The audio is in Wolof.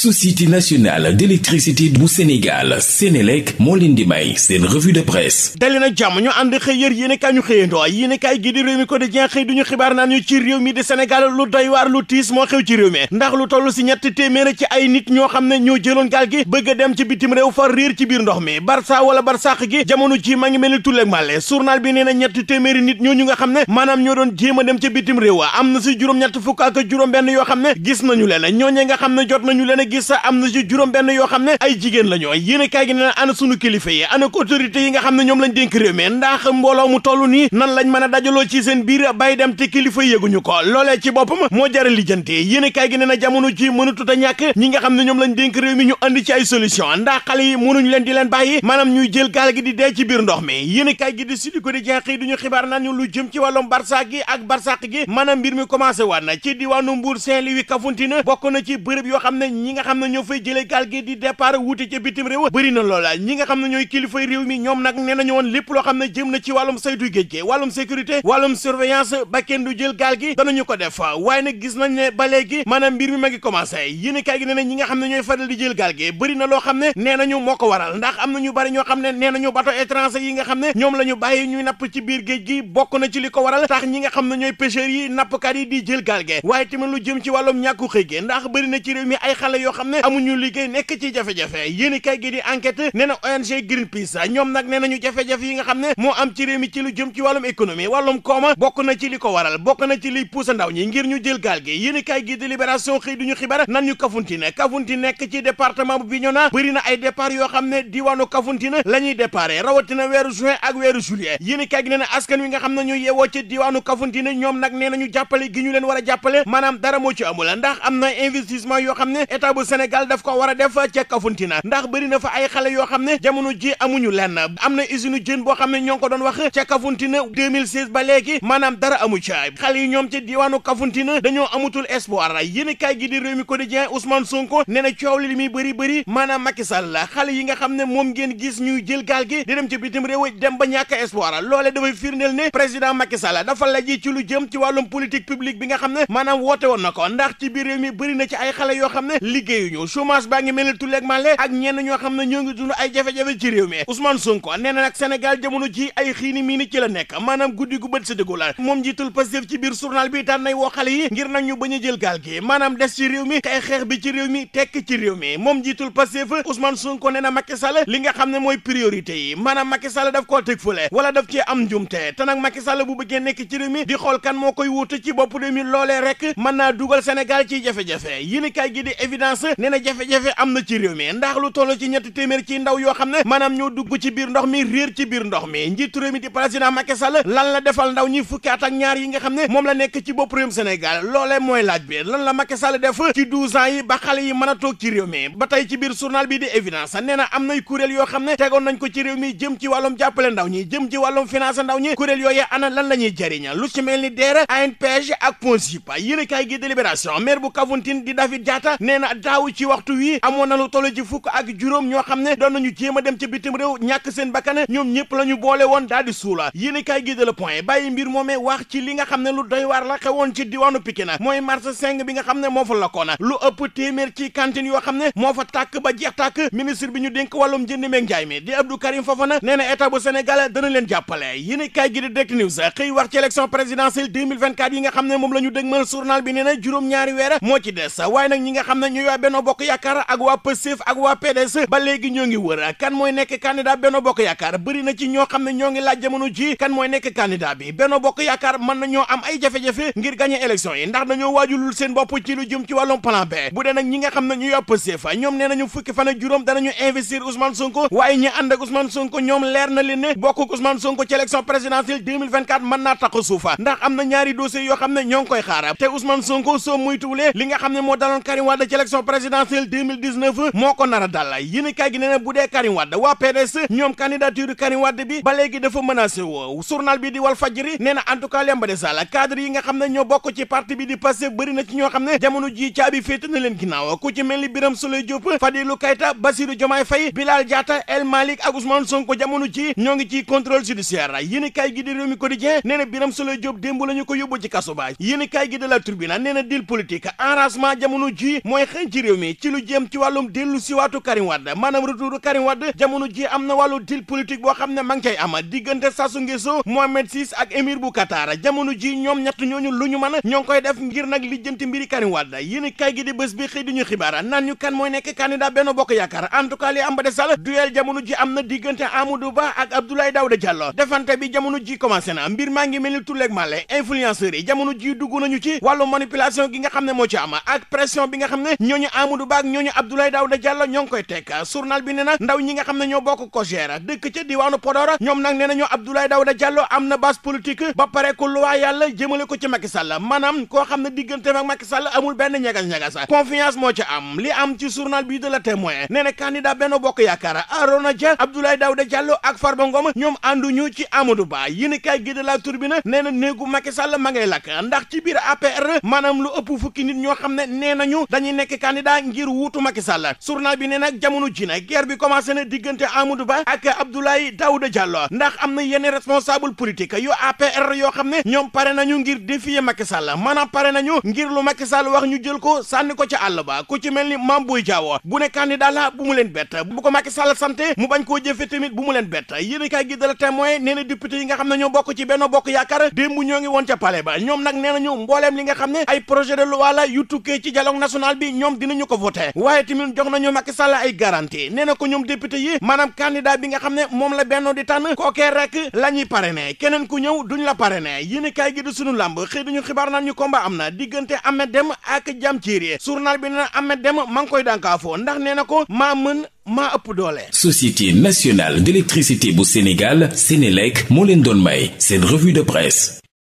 société nationale d'électricité bu Sénégal Sénélec moo leen di may seen revue de presse dali nag jàmm ñu ànd xëy yër yéen i ñu xëyandoo yéen i kaay gi di réew mi quotidien xëy duñu xibaar réew mi ndax lu toll si ñett téeméer ci ay nit ñoo xam ne ñoo jëloon gaal gi bëgg a dem ci bitim réew far réer ci biir ndox mi Barça wala Barsàq gi jamono ji ma ngi mel ni tulleeg màlle journal bi nee na ñetti téeméeri nit ñooñu nga xam ne maanaam ñoo doon jéem a na si juróom-ñett fukk ak juróom yoo xam ne gis nañu leen ñooñee nga xam ne jot nañu leen gis am na ci juróom-benn yoo xam ne ay jigéen la ñoo yéen kaay gi ne ana sunu kilifa yi ana autorité yi nga xam ne ñoom lañ dénk réew mi ndax mbooloo mu toll nii nan lañ mën a dajaloo ci seen biir bay dem te kilifa yéeguñu ko loolee ci boppam moo jara lijjante yéen kaay gi ne na jamono ji mënatut a ñàkk ñi nga xam ne ñoom lañ dénk réew mi ñu andi ci ay solution ndax xale yi mënuñ leen di leen bàyyi maanaam ñuy jël gaal gi di dee ci biir ndox mi yéen kaay gi di sudi ko di jenqi duñu xibaar naan ñu lu jëm ci wàllum barça gi ak na ci diwaanu Mbour Saint-Louis yoo xam ne nga xam ne ñoo fay jëlee gaal gi di départ wuute ca bëri na nga xam ne ñooy kilifay réew mi ñoom nag nee nañu woon lépp loo xam ne jëm na ci wàllum saytu géej gi wàllum sécurité wàllum surveillance ba kenn jël gaal gi danañu ko def waaye nag gis nañ ne ba léegi maanaam mbir mi ma ngi commencé yéen kaay gi nee na ñi nga xam ne ñooy faral di jël gaal gi bëri na loo xam ne nee nañu moo ko waral ndax am na ñu bari ñoo xam ne ne nañu bateau étranger yi nga xam ne ñoom la ñu bàyyi ñuy napp ci biir géej gi bokk na ci li ko waral tax ñi nga xam ne ñooy pêcheurs yi nappkat yi di jël gaal gi waaye tamit lu jëm ci wàllum ñàkku xëy gi ndax bëri na ci réew mi ay xale yoo xam ne amuñu liggéey nekk ci jafe-jafe yéen kay gi di enquête nee na ONG Greenpeace ñoom nag nee nañu jafe-jafe yi nga xam ne moo am ci réew mi ci lu jëm ci wàllum économie wàllum kooma bokk na ci li ko waral bokk na ci liy puusa ndaw ñi ngir ñu jël gaal gi yéen kay gi di libération xëy duñu xibaar nan ñu Kafountine Kafountine nekk ci département bu Bignona bëri na ay départ yoo xam ne diwaanu Kafountine la ñuy déparé rawatina weeru juin ak weeru juillet yéen kay wi nga xam ne ñu yeewoo ci diwaanu Kafountine ñoom nag nee ñu leen war a jàppale maanaam dara moo ci amul ndax yoo xam ne bu Sénégal daf ko war a def ca Kafountine ndax bëri na fa ay xale yoo xam ne jamono ji amuñu lenn am na usine jën boo xam ne ñoo ngi ko doon wax ca Kafountine 2016 ba léegi maanaam dara amu ca xale yi ñoom ci diwaanu Kafountine dañoo amutul espoir yéen kaay gi di Rewmi Quotidien Ousmane Sonko nee na coow li li bëri bëri maanaam Macky la xale yi nga xam ne moom ngeen gis ñuy jël gaal gi di dem ci bitim réew dem ba ñàkk espoir loole dafay firndeel ne président dafa la ji ci lu jëm ci wàllum bi nga xam ne maanaam woote woon na ko ndax ci biir réew mi bëri na liggéeyuñu chômage baa ngi mel ni tulleeg màlle ak ñenn ñoo xam ne ñoo ngi dund ay jafe-jafe ci réew mi Ousmane Sonko nee na nag a li nga xam ne mooy priorité yi maanaam Macky Sall daf koo teg fële wala daf ci am njumte te nag Macky Sall bu bëggee nekk ci réew mi di xool kan moo koy wuute ci bopp réew mi loolee rek mën naa dugal Sénégal ci jafe-jafe yéen kaay gi di évidence L'Évidence nee na jafe am na ci réew mi ndax lu toll ci ñetti téeméer ci ndaw yoo xam ne maanaam ñoo dugg ci biir ndox mi réer ci biir ndox mi njiitu réew mi di président Macky lan la defal ndaw ñi fukki at ak ñaar yi nga xam ne moom la nekk ci bopp réewum Sénégal loolee mooy laaj bi lan la Macky Sall def ci douze ans yi ba xale yi mën a toog ci réew mi biir journal bi di Évidence nee am nay kuréel yoo xam ne tegoon nañ ko ci réew mi jëm ci wàllum jàppale ndaw ñi jëm ci wàllum financé ndaw ñi kuréel yooyu ana lan la ñuy jëriña lu ci mel ni DER ANPEJ ak PONSIPA yéen a kaay gi délibération maire bu Kafountine di David Diatta nee na daaw ci waxtu ñoo xam ne doon nañu jéem a dem ci bitim réew ñàkk seen bakkan ñoom ñëpp la ñu boole woon daal di suula yéen moo fa lakkoona lu ëpp jàppale yéen kaay gi di Direct xëy wax ci élection présidentielle 2024 yi nga xam ne moom la ñu dëgmal bi nee na juróom-ñaari weer moo ci des waaye nag ñi nga xam ne waa Benno Bokk Yaakaar ak waa Pastef ak waa PDS ba léegi ñoo ngi wër kan mooy nekk candidat benn Bokk Yaakaar bëri na ci ñoo xam ne ñoo ngi laaj jamono ji kan mooy nekk candidat bi Benno Bokk Yaakaar mën na ñoo am ay jafe-jafe ngir gagné élection yi ndax na dañoo waajulul seen bopp ci lu jëm ci wàllum plan B bu dee ñi nga xam ne ñu Pastef ñoom nee nañu fukki fan ak juróom danañu investir Ousmane Sonko waaye ñi ànd ak Sonko ñoom leer na leen ne bokk Ousmane Sonko ci élection présidentielle 2024 mën naa tax suufa am na ñaari dossiers yoo xam ne koy xaara te Ousmane Sonko soo li nga xam ne moo daloon Karim Wade élection présidentielle 2019 moo ko nar a dal yéenekaay gi nee na bu dee Karim Wade waa PDS ñoom candidature Karim Wade bi ba léegi dafa menacé woo journal bi di Walf Fadjri nee na en tout cas lembade sall cadre yi nga xam ne ñoo bokk ci parti bi di passé bëri ci ñoo xam ne jamono ji caabi féete na leen ku ci mel ni Birame Souleye Diop Fadilou Keita Bassirou Diomaye Faye Bilal Diatta El Malick ak Ousmane Sonko jamono ji ñoo ngi ci contrôle judiciaire yéenekaay gi di Rewmi Quotidien nee na Birame Souleye Diop démb la ñu ko yóbbu ci ci réew mi ci lu jëm ci wàllum dellu siwaatu Karim Wade maanaam retouru Karim Wade jamono ji am na wàllu deal politique boo xam ne ma ngi koy am diggante Sassou Nguesso Mohamed Sis ak émir bu Qatar jamono ji ñoom ñett ñooñu lu ñu mën a ñoo koy def ngir nag lijjanti mbiri Karim Wade yéen kay gi di bés bi xëy di ñu xibaar naan ñu kan mooy nekk candidat Benno Bokk Yaakaar en tout cas li am ba desal duel jamono ji am na diggante Amadou Ba ak Abdoulaye Daouda Diallo bi jamono ji commencé na mbir maa ngi mel ni tulleeg male influenceurs yi jamono ji dugg nañu ci wàllu gi nga xam ne moo am bi nga xam ne ñooñu Amadou Ba ak ñooñu Abdoulaye Daouda Diallo ñoo ngi koy teg journal bi nee na ndaw ñi nga xam ne ñoo bokk ko gère dëkk ca diwaanu Podor ñoom nag nee na ñoo Abdoulaye Daouda Diallo ko luwaa yàlla jëmale ko xam ne digganteem ak Macky Sall amul benn ñegas-ñegas confiance moo ci am li am ci journal bii de la témoin nee na candidat Benno Bokk Yaakaar Arona Dia Abdoulaye Daouda Diallo ak Farba Ngom ñoom ànduñu ci Amadou Ba yéen kay gi de la turbine nee na néegu Macky Sall ma ngay lakk ndax ci biir APR maanaam lu ëpp fukki ñoo xam ne nee nañu dañuy nekk candidat ngir wuutu Macky Sall journal bi ne nag jamono bi commencé na diggante Amadou Ba ak Abdoulaye Daouda ndax am na yenn responsable politique yu APR yoo xam ne ñoom pare ngir défier Macky Sall maanaam pare nañu ngir lu Macky Sall wax ñu jël ko sànni ko ci àll ba ku ci mel ni Mame Boye Diao bu ne candidat la bu mu leen bett bu ko Macky Sall sante mu bañ koo jëfe tamit bu mu leen bett yéen kay gi dala témoin na député yi nga xam ne ñoo bokk ci benn bokk yaakaar démb ñoo ngi woon ca palais ba ñoom nag nee nañu mbooleem li nga xam ne ay projet de loi la yu tukkee ci dialogue national bi ñoom dina ñu ko te waaye tamit jox nañu Macky Sall ay garantie nee na ko ñoom député yi maanaam candidat bi nga xam ne moom la Benno di tànn kookee rek la ñuy parrainé keneen ku ñëw duñ la parrainé yéen kaay gi du sunu làmb xëy ñu xibaar na ñu combat am na diggante Ahmed Dem ak Jam Thierry journal bi nee na Ahmed Dem maa ngi koy dànkaafoo ndax nee na ko maa mën maa ëpp doole. Société nationale d'électricité bu Sénégal Sénélec moo leen doon may seen revue de presse.